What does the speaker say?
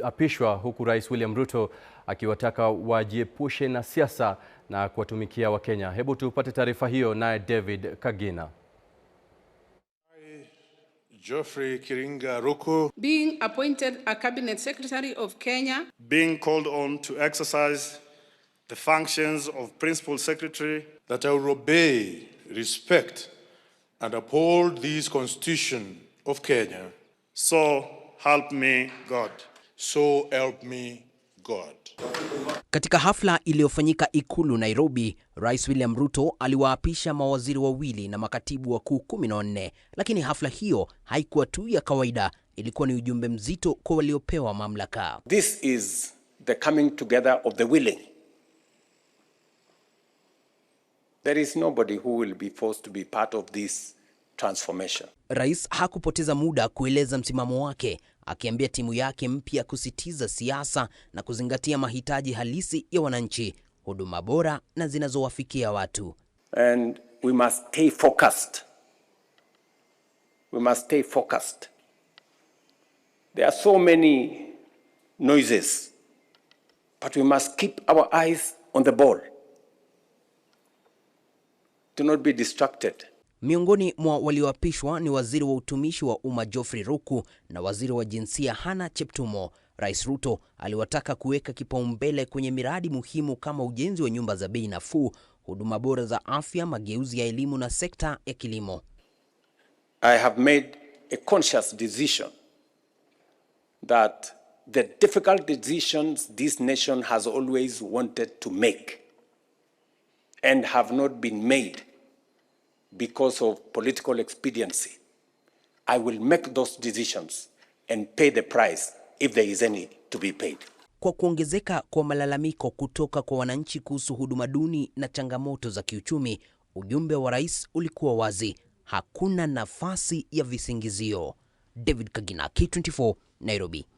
kuapishwa huku Rais William Ruto akiwataka wajiepushe na siasa na kuwatumikia Wakenya. Hebu tupate taarifa hiyo naye David Kagina. Geoffrey Kiringa Ruku being appointed a cabinet secretary of Kenya being called on to exercise the functions of principal secretary that I will obey respect and uphold this constitution of Kenya so help me God So help me God. Katika hafla iliyofanyika Ikulu Nairobi, Rais William Ruto aliwaapisha mawaziri wawili na makatibu wakuu kumi na wanne, lakini hafla hiyo haikuwa tu ya kawaida, ilikuwa ni ujumbe mzito kwa waliopewa mamlaka. This is the coming together of the willing. There is nobody who will be forced to be part of this transformation. Rais hakupoteza muda kueleza msimamo wake akiambia timu yake mpya kusitiza siasa na kuzingatia mahitaji halisi ya wananchi, huduma bora na zinazowafikia watu. And we must stay focused. We must stay focused. There are so many noises, but we must keep our eyes on the ball. Do not be distracted. Miongoni mwa walioapishwa ni waziri wa utumishi wa umma Geoffrey Ruku na waziri wa jinsia Hana Cheptumo. Rais Ruto aliwataka kuweka kipaumbele kwenye miradi muhimu kama ujenzi wa nyumba za bei nafuu, huduma bora za afya, mageuzi ya elimu na sekta ya kilimo. I have made a conscious decision that the difficult decisions this nation has always wanted to make and have not been made because of political expediency, I will make those decisions and pay the price if there is any to be paid. Kwa kuongezeka kwa malalamiko kutoka kwa wananchi kuhusu huduma duni na changamoto za kiuchumi, ujumbe wa rais ulikuwa wazi: hakuna nafasi ya visingizio. David Kagina, K24, Nairobi.